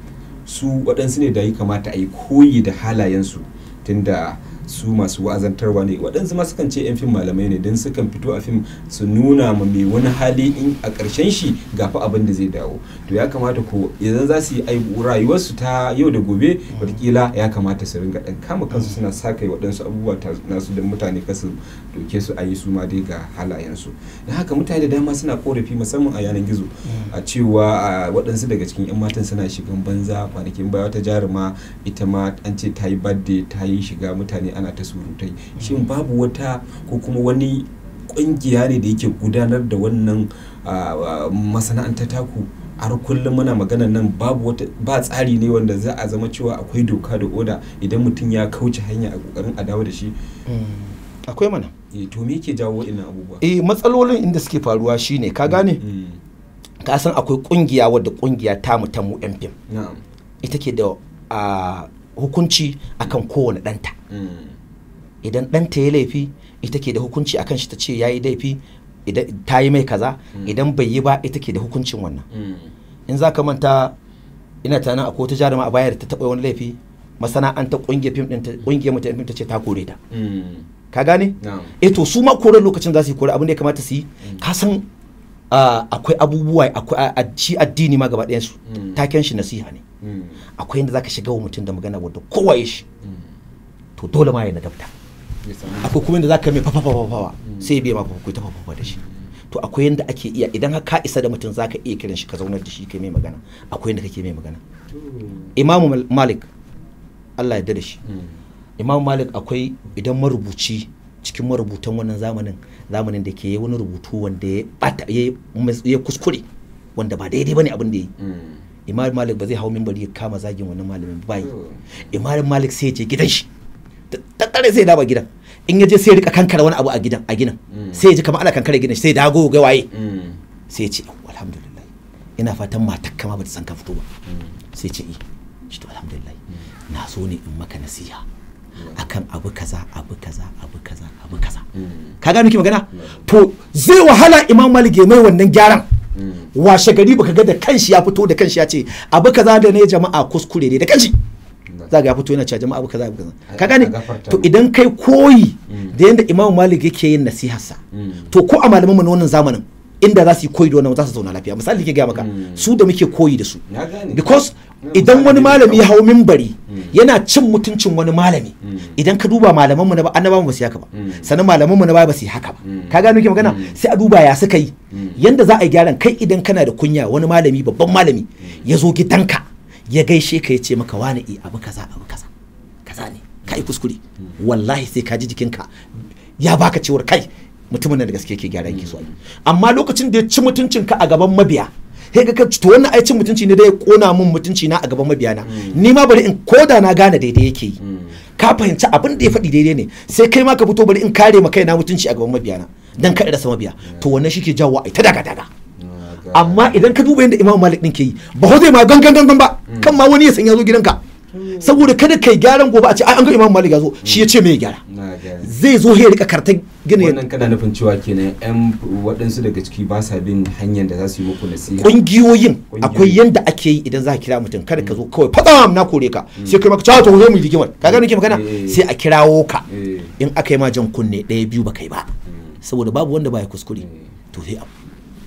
su waɗansu ne da ya kamata a yi koyi da halayensu tunda su masu wa'azantarwa ne waɗansu ma sukan ce 'yan fim malamai ne don sukan fito a fim su nuna ma mai wani hali in a ƙarshen shi ga fa abin da zai dawo to ya kamata ko idan za su yi rayuwarsu ta yau da gobe wataƙila ya kamata su ringa ɗan kama kansu suna sa kai waɗansu abubuwa nasu don mutane kasu doke su a yi su ma dai ga halayensu don haka mutane da dama suna korafi musamman a yanar gizo a cewa waɗansu daga cikin 'yan matan suna shigan banza kwanakin baya wata jaruma ita ma an ce ta yi birthday ta yi shiga mutane ana ta surutai shin babu wata ko kuma wani kungiya ne da yake gudanar da wannan masana'anta taku har kullum muna magana nan babu wata ba tsari ne wanda za a zama cewa akwai doka da oda idan mutum ya kauce hanya a kokarin a dawo da shi mm. akwai mana eh to me yake jawo waɗannan abubuwa eh matsalolin inda suke faruwa shine ka gane mm, mm. ka san akwai kungiya wadda kungiya ta mu ta mu ita ke da hukunci akan kowane danta. idan ɗanta ya laifi ita ke da hukunci akan shi ta ce ya yi laifi ta yi mai kaza hmm. idan bai yi ba ita ke da hukuncin wannan hmm. in za ka manta ina nan a kotu jaruma a bayar ta taɓa wani laifi masana'anta ƙungiyar fim ƙungiyar mutum fim ta ce ta kore ta hmm. ka gane E to su ma kore lokacin za su yi kore abin da ya kamata su yi ka san akwai abubuwa akwai shi addini ma gaba ɗayan su taken shi nasiha ne akwai yadda zaka shiga wa mutum da magana wadda kowa ya shi to dole ma ya nadabta akwai kuma yadda za ka mai fafafafawa sai biya maka kuma ta fafa da shi to akwai yadda ake iya idan haka ka isa da mutum za ka iya kiran shi ka zaunar da shi kai mai magana akwai yadda kake mai magana imamu malik allah ya da shi imamu malik akwai idan marubuci cikin marubutan wannan zamanin zamanin da ke yi wani rubutu wanda ya bata ya kuskure wanda ba daidai bane abin da ya yi mm. imam malik ba zai hau mimbari ya kama zagin wani malamin ba oh. imamu malik sai ya je gidan shi tattare sai dawo gidan in ya je sai rika kankara wani abu a gidan a ginin mm. sai ya ji kamar ana kankare gidan sai dago ga waye mm. sai ya ce alhamdulillah ina fatan matar kama ba ta san ka fito ba mm. sai ya ce eh shi to alhamdulillah na so ne in maka nasiha akan abu kaza abu kaza abu kaza abu kaza ka gano ki magana to zai wahala imam malik ya mai wannan gyaran washe gari baka ga da kanshi ya fito da kanshi ya ce abu kaza da ne jama'a kuskure ne da kanshi za ga ya fito yana cewa jama'a kaza abu kaza ka gane to idan kai koyi mm. da yanda Imam Malik yake yin sa mm. to ko a malaman mu na wannan zamanin inda za su yi koyi da wannan za su zauna lafiya misali ke gaya maka mm. su da muke koyi da su because idan wani malami ya hau mimbari yana cin mutuncin wani malami idan ka duba malaman mu na ba annabawan ba su haka ba sanan malaman mu na ba ba su haka ba ka gano ke magana sai a duba ya suka yi yanda za a yi gyaran kai idan kana da kunya wani malami babban malami ya zo gidanka ya gaishe ka ya ce maka wani i abu kaza abu kaza kaza ne ka yi kuskure hmm. wallahi sai ka ji jikinka ya baka cewar kai mutumin da gaske ke gyara ki so amma lokacin da ya ci mutuncin ka a gaban mabiya sai ga to wannan ai cin mutunci ne da ya kona min mutunci na a gaban mabiya na hmm. ni ma bari in koda na gane daidai yake yi hmm. ka fahimci abin da ya faɗi daidai ne sai kai ma ka fito bari in kare ma na mutunci a gaban mabiya na dan ka rasa mabiya to wannan shi ke jawo ai ta daga daga amma idan ka duba yadda imam malik din ke yi ba ho zai ma gangan gangan ba mm. kan ma wani ya san ya zo gidanka mm. saboda kada kai gyaran gobe a ce ai an ga imam malik ya zo mm. shi ya ce me gyara zai zo ya rika karta gina wannan kana nufin cewa kenan yan waɗansu daga ciki ba sa bin hanyar da za su yi muku nasiha ƙungiyoyin akwai yadda ake yi idan za a kira mutum kada ka zo kawai fada na kore ka sai kai maka cewa to zo mu rigimar ka gane ke magana eh. sai a kirawo ka eh. in aka yi ma jan kunne ɗaya biyu ba kai ba saboda babu wanda ba ya kuskure eh. to sai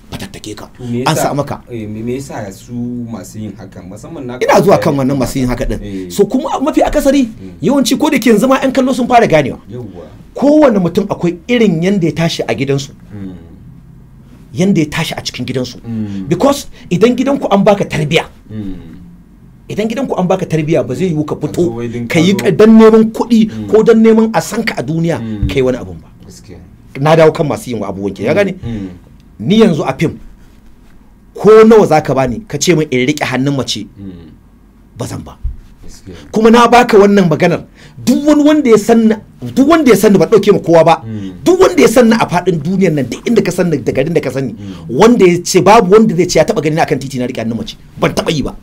fatattake ka an sa maka eh, me yasa su masu yin hakan musamman na ina zuwa kan wannan masu yin haka din so kuma mafi akasari mm. yawanci ko da ke yanzu ma yan kallo sun fara ganewa kowane mutum akwai irin yanda ya tashi a gidansu mm. yanda ya tashi a cikin gidansu mm. because idan gidanku an baka tarbiya idan gidanku an baka tarbiya ba zai yiwu ka fito ka yi dan neman kuɗi ko dan neman a sanka a duniya kai wani abun ba na dawo kan masu yin abubuwan ya gane ni yanzu a fim ko nawa zaka bani ka ce min in rike hannun mace hmm. ba zan ba kuma na baka wannan maganar duk wani wanda ya san duk wanda ya ba dauke ma kowa ba hmm. duk wanda ya sanna a fadin duniyar nan duk inda ka sanna da garin da ka sani hmm. wanda ya ce babu wanda zai ce ya taba gani akan titi na rike hannun mace ban taba yi ba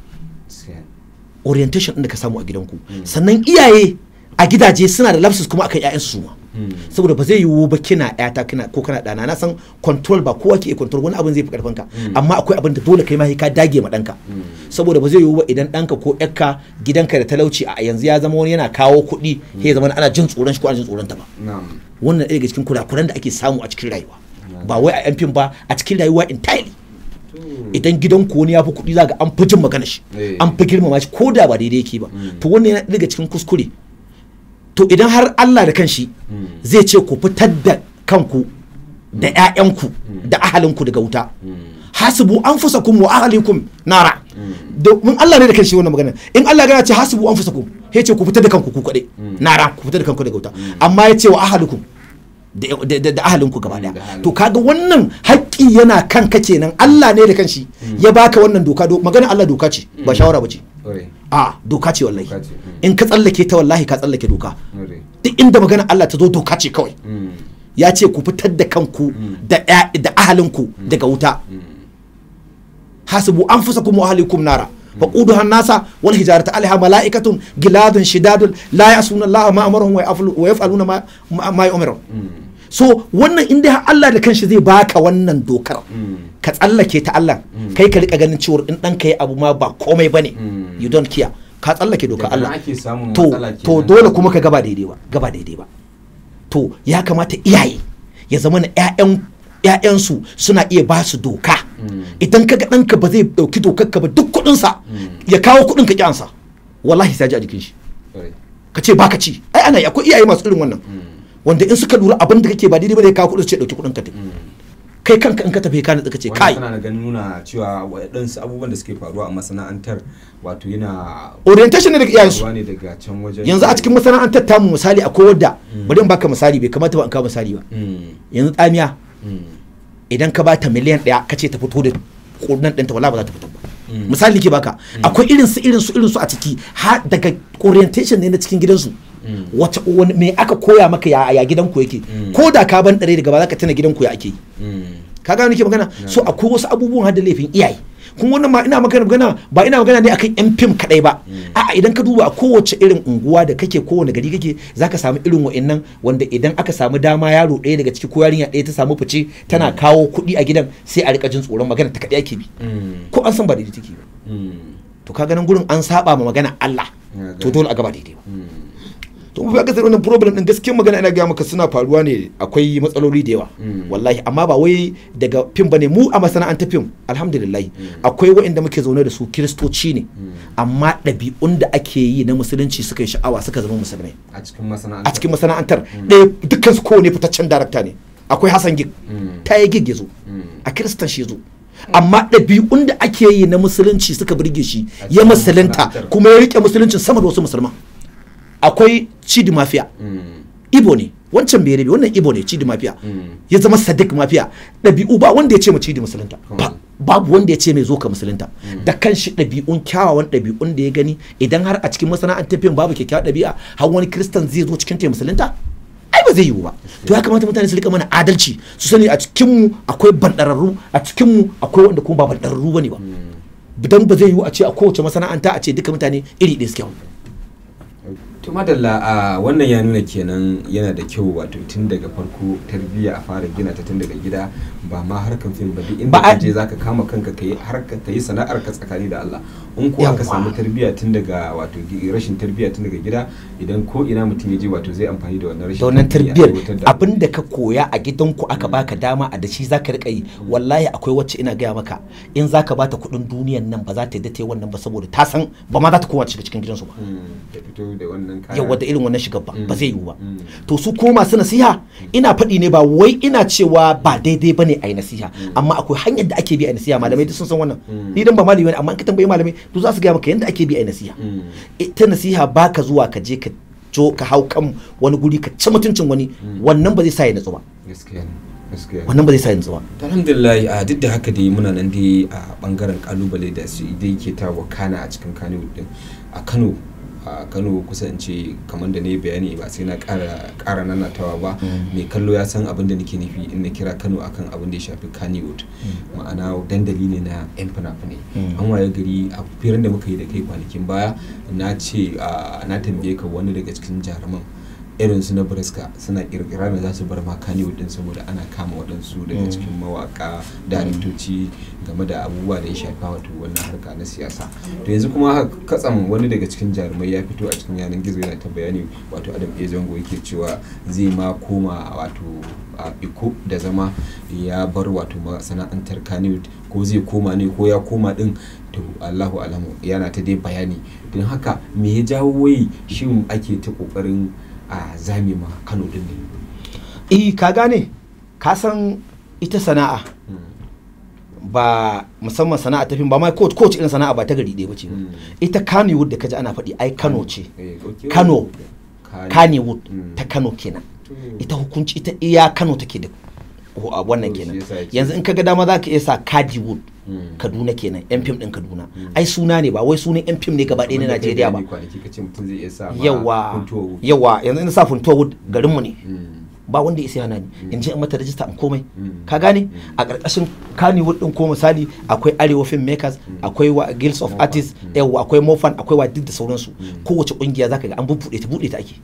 orientation din da ka samu a gidanku sannan iyaye a gidaje suna da lapsus kuma akan ƴaƴansu su ma Hmm. saboda ba zai yiwu ba kina yata kina ko kana dana na san control ba kowa ke control wani abin zai fi karfin ka hmm. amma akwai abin da dole kai ma ka dage ma danka hmm. saboda ba zai yiwu ba idan danka ko ka gidanka da talauci a yanzu ya zama wani yana kawo kuɗi ya zama ana jin tsoron shi ko ana jin tsoron ta ba wannan ɗaya ga cikin kurakuran da ake samu a cikin rayuwa ba wai a yan fim ba a cikin rayuwa entirely idan gidan ku wani ya fi kuɗi za ga an fi jin magana shi eh. an fi girmama shi ko da ba daidai yake ba to wannan yana daga cikin kuskure to idan har Allah da kanshi zai ce ku fitar da kanku da 'ya'yanku da ahalinku daga wuta hasibu anfusakum wa ahlikum nara domin Allah ne da kanshi wannan magana in Allah gana ce fusa kun ya ce ku fitar da kanku ku na nara ku fitar da kanku daga wuta amma ya ce wa ahalikum da ahalinku gaba daya to kaga wannan haƙƙi yana kan kake kenan Allah ne da kanshi ya baka wannan doka magana Allah doka ce ba shawara ba ce a doka ce wallahi hmm. in ka tsallake ta wallahi ka tsallake doka duk inda magana Allah ta zo doka ce kawai hmm. ya ce ku fitar da kanku hmm. da ahalinku daga wuta hasibu anfusakum wa ahlikum nara qudu hannasa wal hijarata alaiha malaikatun giladun shidadun la yasuna Allah ma amaruhum wa yaf'aluna ma yu'marun so wannan inda Allah da kanshi zai baka wannan dokar ka tsallake ta Allah mm. kai ka rika ganin cewa in ɗanka ya abu ma ba komai bane mm. you don't care ka tsallake dokar Allah to to dole kuma ka gaba daidai ba gaba daidai ba to ya kamata iyaye ya zama na ƴaƴan ‘ya'yansu suna iya ba su doka mm. idan kaga ɗanka ba zai ɗauki dokar ka ba duk sa ya kawo kuɗin ka ƙyansa wallahi sai ji a jikin shi ka ce baka ci ai ana akwai iyaye masu irin wannan wanda in suka lura abin da kake ba daidai dai ka kuɗi ce dauki kudin ka tafi hmm. kai kanka in ka tafi ka ka ce kai kana ga nuna cewa su abubuwan da suke faruwa a masana'antar wato yana orientation ne daga su yanzu a cikin masana'antar tamu misali akwai wadda hmm. bari in baka misali bai kamata ba in ka misali ba hmm. yanzu tsamiya idan ka bata miliyan daya ka ce ta fito da kudin ɗinta wala ba za ta fito ba misali ke baka akwai irin su irin su irin su a ciki har daga orientation ne na cikin gidansu Mm. wace wani me aka koya maka ya a gidan ku yake mm. ko da ka ban dare daga ba za ka tana gidan ku ya ake mm. ka gano nake magana so akwai wasu abubuwan hada laifin iyaye kun wannan ma ina magana magana ba ina magana ne akan yan fim kadai ba a'a idan ka duba a kowace irin unguwa da kake kowane gari kake zaka samu irin wa'annan wanda idan aka samu dama yaro ɗaya daga ciki ko yarinya ɗaya ta samu fice tana kawo kuɗi a gidan sai a rika jin tsoron magana ta kadai ake bi ko an san ba daidai take ba to ka ganin gurin an saba ma magana Allah to dole a gaba daidai ba to mu ga wannan problem din gaskiyar magana ina ga maka suna faruwa ne akwai matsaloli da yawa hmm. wallahi amma ba wai daga fim bane mu a masana'antar fim alhamdulillah hmm. akwai waɗanda muke zaune da su kiristoci ne hmm. amma ɗabi'un da ake yi na musulunci suka yi sha'awa suka zama musulmai a cikin masana'antar ɗaya dukkan su kowane fitaccen darakta ne akwai Hassan Gig ta yi gig ya zo a kiristan shi zo amma ɗabi'un da ake yi na musulunci suka burge shi ya musulunta kuma ya riƙe musuluncin sama da wasu musulman akwai cidi mafiya hmm. ibo ne wancan bai rabe wannan ibo ne cidi mafiya hmm. ya zama sadiq mafiya ɗabi'u ba wanda ya ce mu cidi musulunta hmm. babu wanda ya ce mai zo ka musulunta da kanshi ɗabi'un kyawawan ɗabi'un da ya gani idan har a cikin masana'antar fim babu kyakkyawan ɗabi'a har wani kristan zai zo cikin ta musulunta ai ba zai yiwu ba to ya kamata mutane su rika mana adalci su sani a cikin mu akwai bandararru a cikin mu akwai wanda kuma ba bandararru bane ba dan ba zai yiwu a ce a kowace masana'anta a ce duka mutane iri ɗaya suke to madalla a wannan ya nuna kenan yana da kyau wato tun daga farko tarbiyya a fara gina ta tun daga gida ba ma harkan fim ba duk inda ka je zaka kama kanka ka yi harka ta yi sana'ar ka tsakani da Allah in kuwa ka samu tarbiyya tun daga wato rashin tarbiyya tun daga gida idan ko ina mutum ya je wato zai amfani da wannan rashin wannan tarbiyyar abinda ka koya a gidanku aka mm. baka dama a da shi zaka rika yi wallahi akwai wacce ina gaya maka in zaka bata kuɗin duniyan nan ba za ta yadda ta yi wannan ba saboda ta san ba ma za ta koma cikin gidansu ba mm, yawa da irin wannan shigar ba mm, ba zai yiwu ba to su koma su nasiha ina faɗi ne ba wai ina cewa ba daidai ba ne ne a yi nasiha amma akwai hanyar da ake bi a yi nasiha malamai duk sun san wannan mm. ni dan ba malami ne amma in ka tambayi malamai to za su gaya maka yanda ake bi a yi nasiha ita mm. eh, nasiha ba ka zuwa ka je ka jo ka hau kan wani guri ka ci mutuncin wani mm. wannan ba zai sa ya natsu ba wannan ba zai sa ya natsu ba alhamdulillah a duk da haka dai muna nan dai a bangaren kalubale da su dai ke ta wakana a cikin Kano din a Kano a kano kusance kamar da ne bayani ba sai na kara nanatawa ba mm. mai kallo ya san abin da nake nufi in na kira kano akan abin da ya shafi kannywood mm. ma'ana dandali ne na yan fina-finai mm. an waye gari a firin da muka yi da kai kwanakin baya na ce na tambaye ka wani daga cikin jaruman irin su na briska suna kirkira da za su bar ma kaniwood din saboda ana kama waɗansu daga mm. cikin mawaka daraktoci game da abubuwa da ya shafa wato wannan harka na siyasa to yanzu kuma haka katsam wani daga cikin jarumai ya fito a cikin yanar gizo yana ta bayani wato adam a yake cewa zai ma koma wato a iko da zama ya bar wato masana'antar kaniwood ko zai koma ne ko ya koma din to allahu alamu yana ta dai bayani don haka me ya jawo wai shin ake ta kokarin a zami ma kano din ne eh ka gane ka san ita sana'a ba musamman sana'a ta ba ma coach coach irin sana'a ba ta gari dai bace hmm. ita wood da kaji ana faɗi ai Kano ce eh, Kano wood hmm. ta Kano kenan ita hukunci ita iya Kano take da wannan kenan yanzu in ka ga dama za ka iya sa wood Hmm. kaduna kenan yan fim din kaduna ai suna ne ba wai sunan yan fim ne gaba ɗaya na najeriya ba yawa yawa yanzu ina sa funtowood garinmu ne hmm. ba wanda isa yana ni mm. in je mata rajista in komai mm. ka gane mm. a ƙarƙashin kani din ko misali akwai arewa film makers akwai wa guilds of artists yawa akwai mofan akwai wa duk da Ko kowace kungiya zaka ga an bubbude ta buɗe ta ake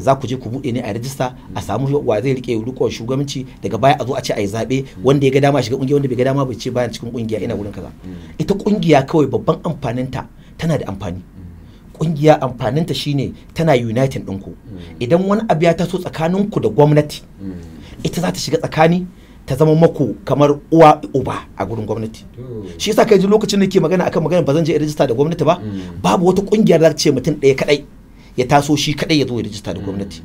za ku je ku buɗe ne a rajista a samu wa zai rike rukon shugabanci daga baya a zo a ce a yi zaɓe wanda ya ga dama shiga kungiya wanda bai ga dama bai ce bayan cikin kungiya ina wurin kaza ita kungiya kawai babban amfaninta tana da amfani kungiya amfaninta shine tana united ɗinku mm. idan wani abu ya taso tsakaninku da gwamnati mm. ita za ta shiga tsakani ta zama mako kamar uwa uba a gurin gwamnati shi yasa kai ji lokacin da ke magana akan magana ba zan je rijista da gwamnati ba mm. babu wata kungiyar da ce mutum ɗaya kadai ya taso shi kadai ya zo ya rijista da gwamnati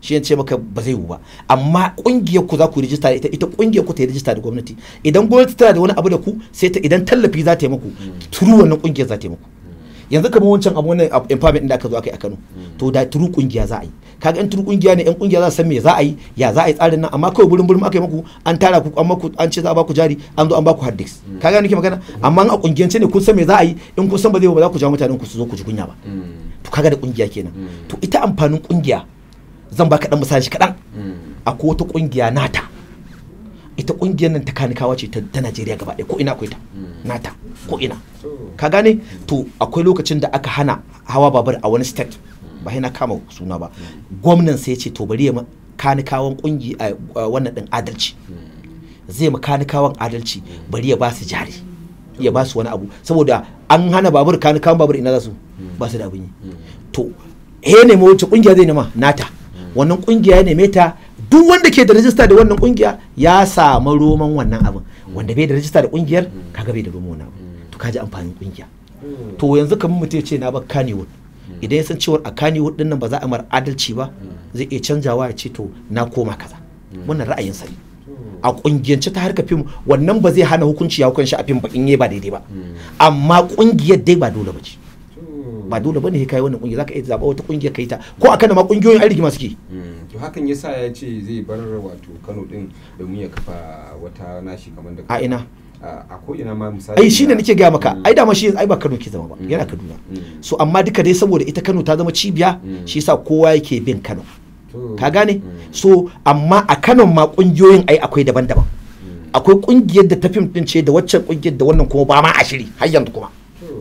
shi ce maka ba zai yiwu ba amma kungiyar ku za ku rijista da ita ita kungiyar ku ta rijista da gwamnati idan gwamnati tana da wani abu da ku sai ta idan tallafi za ta yi muku turu wannan kungiyar za ta yi muku yanzu kamar wancan abu wannan empowerment da aka zo aka a Kano to da turu kungiya za a yi kaga in turu kungiya ne yan kungiya za su san me za a yi ya za a yi tsarin nan amma kawai burin burin aka yi muku an tara ku an maku an ce za a ku jari an zo an baku hard disk mm. kaga nake magana amma a kungiyance ne kun san me za a yi in kun san ba zai ba za ku ja mutanen ku su zo ku ji kunya ba mm. to kaga da kungiya kenan mm. to ita amfanin kungiya zan baka dan misali kadan akwai wata kungiya nata ita kungiyar nan ta kanikawa ce ta Najeriya gaba ɗaya ko ina ko ita nata ko ina ka gane to akwai lokacin da aka hana hawa babur a wani state ba na kama suna ba gwamnan sai ce to bari ya kanikawan kungi a wannan din adalci zai kawon adalci bari ya ba su jari ya ba su wani abu saboda an hana babur kanikawan babur ina za su ba su da abin yi to he nemi wacce kungiya zai nema nata wannan kungiya ya neme ta duk wanda ke da rajista da wannan kungiya ya samu roman wannan abin wanda bai da rajista da kungiyar kaga bai da roman wannan abin kaji amfanin kungiya to yanzu kamar mutum ce na ba kaniwood idan ya san cewar a kaniwood dinnan ba za a mar adalci ba zai iya canjawa ya ce to na koma kaza wannan ra'ayin sa ne a kungiyance ta harka fim wannan ba zai hana hukunci ya hukunci a fim ba in ba daidai ba amma kungiyar dai ba dole ba ce ba dole bane kai wannan kungiya zaka iya zaba wata kungiya kai ta ko a ma kungiyoyin ai rigima suke to hakan yasa ya ce zai bar wato Kano din domin ya kafa wata nashi kamar da a ina a shi ne ma misali ai nake gaya maka mm. ai dama shi ai ba Kano ke zama ba mm. yana Kaduna mm. so amma duka dai saboda ita Kano ta zama cibiya shi yasa kowa yake bin Kano ka gane so amma a Kano ma kungiyoyin ai akwai daban-daban akwai kungiyar da ta fim din ce da waccan kungiyar da wannan kuma ba ma a shiri har yanzu kuma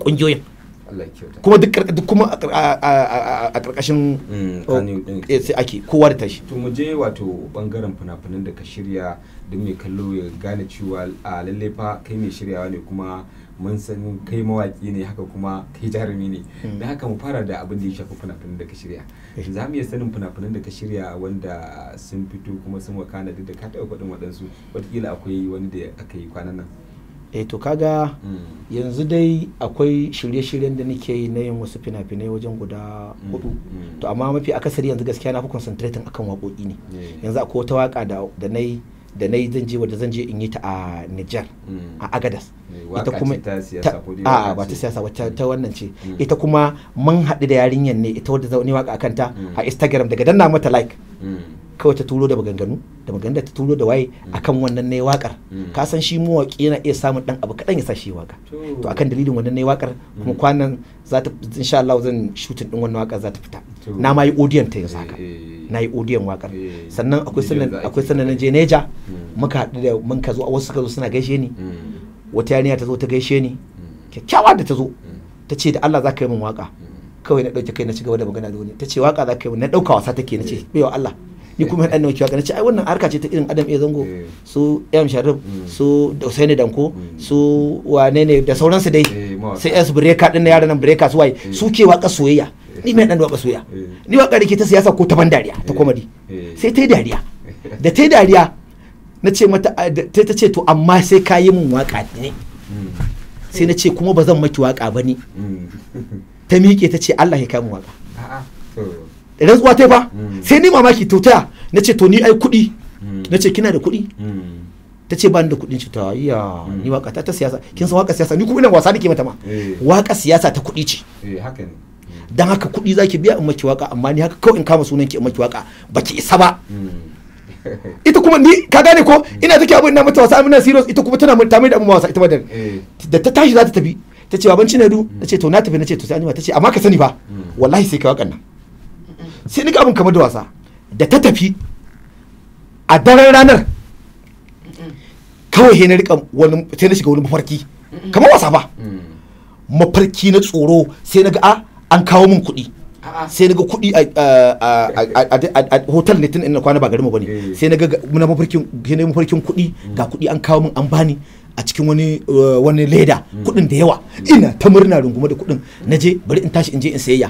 kungiyoyin kuma duk duk kuma a karkashin mm, oh, eh, sai ake kowa da tashi to mu je wato bangaren fina-finan da ka shirya da mai kallo ya gane cewa a lalle fa kai mai shiryawa ne kuma mun san kai mawaki ne haka kuma kai jarumi ne mm. da haka mu fara da abin da ya shafi fina-finan da ka shirya eh. za mu iya sanin fina-finan da ka shirya wanda sun fito kuma sun wakana duk da ka taɓa kuɗin waɗansu wataƙila akwai wani da aka yi kwanan nan eh to kaga mm. yanzu dai akwai shirye-shiryen da nake yi na yin wasu fina-finai wajen guda mm. hudu mm. to amma mafi akasari yanzu gaskiya na fi concentrating akan waƙoƙi ne yanzu akwai wata waka da nai da zan je wadda zan je in yi ta a Nijar a Agadas ita kuma a ba ta siyasa wata ta wannan ce ita kuma mun haɗu da yarinyar ne ita wadda zaune waka akan ta a Instagram daga danna mata like kawai ta turo da maganganu da maganganu da ta turo da waye mm. akan wannan ne wakar mm. ka san shi mawaki yana iya samun dan abu kadan ya sa shi waka to akan dalilin wannan ne wakar kuma mm. kwanan za ta insha Allah zan shooting din wannan wakar za ta fita na ma yi audio ta yanzu eh, haka eh. na yi audio wakar eh. sannan akwai sanan akwai sanan na je Neja muka haɗu da mun ka zo wasu suka zo suna gaishe ni wata yarinya ta zo ta gaishe ni kyakkyawa da ta zo ta ce da Allah za ka yi min waka kawai na ɗauke kai na ci gaba da magana da wani ta ce waka za ka yi na ɗauka wasa take na ce wa Allah ni kuma dan nauki na nace ai wannan harka ce ta irin Adam iya Zango eh. su Yam Sharif mm. su Usaini Danko mm. su wane ne da sauransu dai eh, sai S Breka na yaran nan Breka su waye eh. su ke waƙa soyayya ni mai ɗan waƙa soyayya ni da ke ta siyasa ko ta ban dariya ta komadi sai ta yi dariya da ta yi dariya na ce mata ta ce to amma sai ka yi min waka ne sai na ce kuma ba zan maki waka ba ne mm. ta miƙe ta ce Allah ya kai mu waka rantsuwa ta ba mm. sai ni mamaki to taya na ce to ni ai kuɗi mm. na ce kina da kuɗi mm. ta ce bani da kuɗin ci ta iya ni waka ta ta siyasa kin san waka siyasa ni kuma ina wasa nake mata ma eh. waka siyasa ta kuɗi ce eh, dan haka kuɗi zaki biya in maki waka amma ni haka kawai in kama sunan ki in maki waka baki isa ba ita kuma ni ka gane ko ina take abin na mata wasa amina serious ita kuma tana ta mai da abin wasa ita madan eh. da ta tashi za ta tafi ta ce babanci na du na ce to na tafi na ce to sai anima ta ce amma ka sani ba wallahi sai ka wakan nan sai ni abin kamar da wasa da ta tafi a daren ranar kawai sai na rika wani sai na shiga wani mafarki kamar wasa ba mafarki na tsoro sai na ga ah, an kawo min kuɗi sai na ga kuɗi a hotel ne tun ina kwana ba garinmu ba ne eh. sai na ga muna mafarkin mafarkin kuɗi mm. ga kuɗi an kawo min an bani a cikin wani eh, wani leda mm. kuɗin da yawa mm. ina ta murna rungume da kuɗin na je bari in tashi in je in sayayya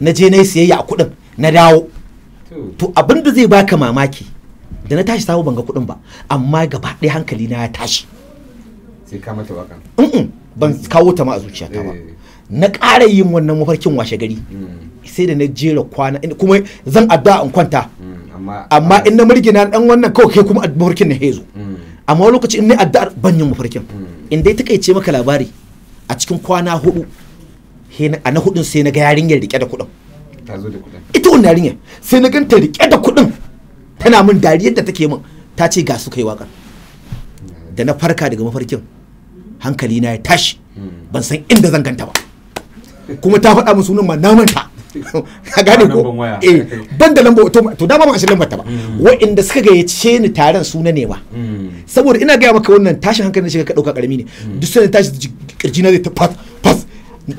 na je na yi sayayya a kuɗin na dawo to abin da zai baka mamaki da na tashi sabo banga kuɗin ba amma gaba ɗaya hankali na ya tashi sai ka mata mm ban kawo ta ma a zuciyata ba eh. na ƙara yin wannan mafarkin washe gari mm. sai da na jera kwana kuma zan addu'a in kwanta mm, amma in na murgina dan wannan kawai kai kuma mafarkin na hezo mm. amma lokaci in ni addu'ar ban yin mafarkin in dai takaice maka labari a cikin kwana hudu a na hudun sai na ga yarinyar rike da kuɗin ta zo da kudin ita wannan yarinya sai na ganta rike da kudin tana min dariyar da take min ta ce ga su kai waƙar da na farka daga mafarkin hankali na ya tashi hmm. ban san inda zan ganta ba kuma ta faɗa min sunan ma na ka gane ko eh ban da lamba to dama ban ashe lambar ta ba hmm. wa'inda suka gayyace ni taron suna ne ba hmm. saboda ina gaya maka wannan tashin hankali shiga ka dauka karami ne duk sai tashi kirji na zai ta fas fas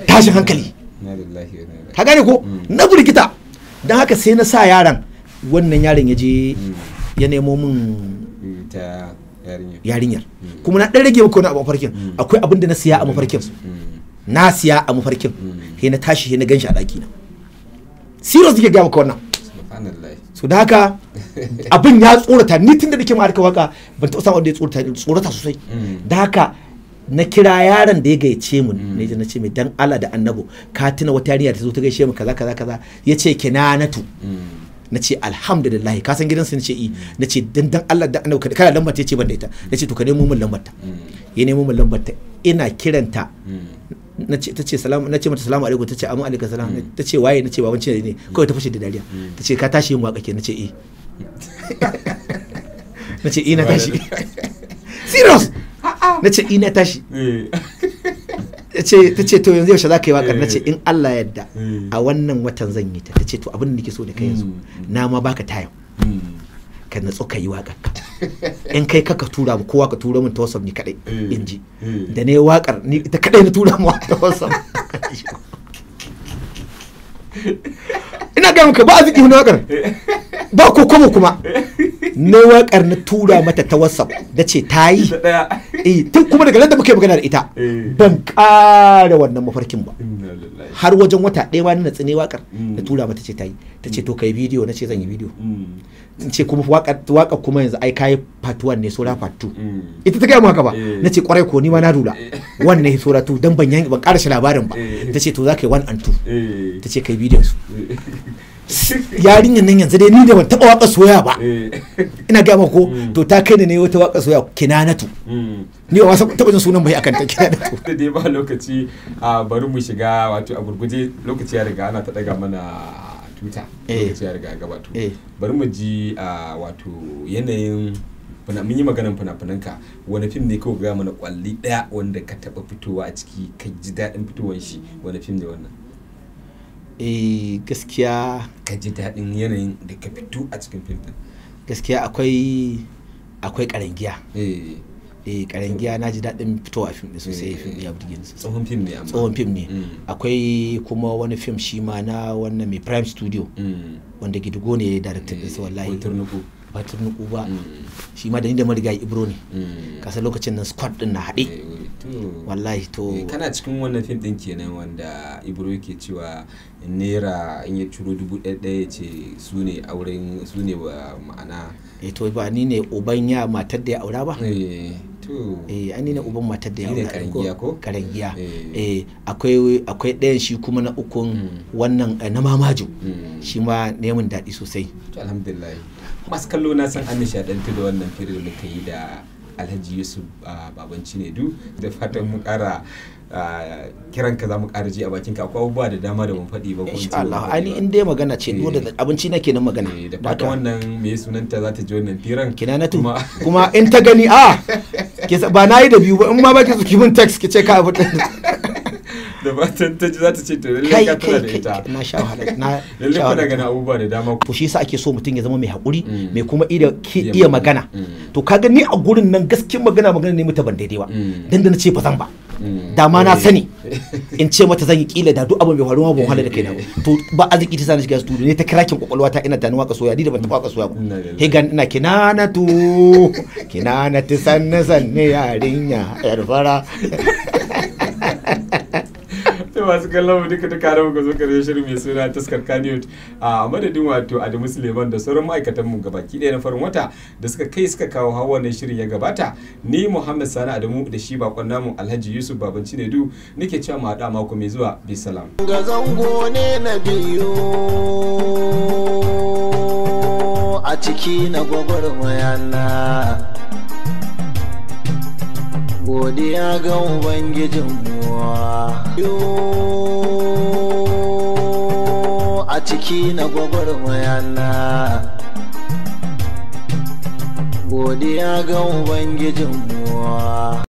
tashin hankali ka gane ko mm. na burgita don haka sai na sa yaran wannan yaron ya je mm. ya nemo min yarinyar mm. kuma na ɗan rage maka wani abu mafarkin akwai abin da na siya a mafarkin na siya a mafarkin sai na tashi sai na ganshi a ɗaki na serious nake gaya maka wannan so da haka abin ya tsorata ni tun da nake ma harkar waka ban taɓa samun wanda ya tsorata sosai da haka na kira yaron da ya gayyace mu ne na ce mai dan Allah da annabu. ka tuna wata yarinya ta zo ta gaishe mu kaza kaza kaza ya ce kinanatu na ce alhamdulillah ka san gidansu na ce i eh. na ce dan dan Allah da annabu. kada lambar ta ce ban da ita na ce to ka nemo mun lambar ta mm. ya nemo mun lambar ta ina kiranta mm. na ce ta ce salamu na ce mata salamu alaikum ta ce amma alaikum salam mm. ta ce waye na ce baban ne kawai ta fashe da dariya ta ce ka tashi mu ke. na ce i eh. na ce i eh, na tashi serious na ce ina tashi ta eh. ce to yanzu yaushe za ka yi wakar na ce eh. in Allah yadda eh. a wannan watan zan yi ta ta ce to abin da nake so da kai yanzu hmm. na ma baka tayo hmm. ka natsu ka yi wakar ka in kai ka ka tura mu kowa ka tura mun ta ni kadai in ji da ne wakar ni ta kadai na tura mu ta wasaf ina ga muka ba a ziki wani wakar ba ko kuma kuma ne wakar na tura mata ta whatsapp da ce ta yi eh tun kuma daga nan da muke magana da ita eh. ban ƙara wannan mafarkin ba har wajen wata ɗaya na tsine wakar na mm. tura mata ce ta yi ta ce to kai bidiyo na ce zan yi bidiyo mm. in ce kuma waka kuma yanzu ai kayi part 1 ne sura part 2 mm. ita ta gaya mu haka ba eh. na ce kwarai ko ni ma na rula eh. wannan ne sura 2 dan ban yanki ban ƙara shi labarin ba ta ce to za ka yi 1 and 2 ta ce kai bidiyon su yarinyar nan yanzu dai ni da ban taba waka soya ba eh. ina ga ko hmm. to ta kai da ne wata waka soya kinanatu hmm. ni ba wasa taba jin sunan bai akan ta kinanatu da dai ba lokaci a bari mu shiga wato a gurguje lokaci ya riga ana ta daga mana tuta eh. lokaci ya riga gabato eh. bari mu ji wato yanayin fina mun yi maganar fina-finan ka wani fim ne kawai ga mana kwalli daya wanda ka taba fitowa a ciki ka ji daɗin fitowar shi wani fim ne wannan eh gaskiya ka ji daɗin yanayin da ka fito a cikin fim din gaskiya akwai akwai karangiya eh eh karangiya na ji daɗin fitowa fim ɗin sosai eh, fim ya burge tsohon fim ne amma tsohon fim ne mm. akwai kuma wani fim shi ma na wannan mai prime studio mm. wanda gidigo ne director din sa eh, wallahi ba nuku ba shi ma da ni da marigayi ibro ne mm. kasa lokacin nan squad din na haɗe eh, eh, wallahi to eh, kana cikin wannan fim din kenan wanda ibro yake cewa naira in ya ciro dubu ɗaya ya ce su ne auren su ne wa ma'ana eh to ba ni ne uban ya matar da ya aura ba eh an ne uban matar da ya aura ko karangiya eh akwai akwai ɗayan shi kuma na ukun mm. wannan na mamajo mm. shi ma neman daɗi sosai alhamdulillah masu kallo na san an nishadantu da wannan firin da ka yi da alhaji yusuf babanci ne du da fatan mu kara kiran ka za mu kara ji a bakin ka akwai abubuwa da dama da mun faɗi ba ko insha Allah ani in dai magana ce dole da eh. abinci nake nan magana eh, da fatan wannan me sunanta za ta ji wannan firan kinanatu kuma in ta gani ah, a ba na yi da biyu ba in ma ba ki mun text ki ce ka abu da fatan ta ji za ta ce to lalle ka tura da ita na sha wahala na sha wahala. gana abubuwa da dama to shi yasa ake so mutum ya zama mai hakuri mm. mai kuma iya magana mm. to kaga ni a gurin nan gaskiyar magana magana ne mata ban daidai ba mm. dan da na ce ba zan ba da ma na eh. sani in ce mata zan yi kila da duk abin bai faruwa ba wahala da kai na eh. to ba arziki ta sani shiga studio ne ta kirakin kwakwalwa ta ina tani waka soya ni da ban taba waka soya ba he gan ina kinana tu kinana tu sanna sanne yarinya yar fara masu kallon mu duka duka da muka zo karshen shirin mai suna taskar kaniyot a madadin wato Adamu Suleiman da sauran ma'aikatan mu gabaki ɗaya na farin wata da suka kai suka kawo hawan wannan shirin ya gabata ni Muhammad Sani Adamu da shi bakon namu Alhaji Yusuf Babanci Nedu nake cewa mu haɗa mako mai zuwa bi salam ga zango ne na biyu a ciki na gwagwarmayana godiya ga ubangijin yo a ciki na gwagwarmayana godiya ga ubangijin muwa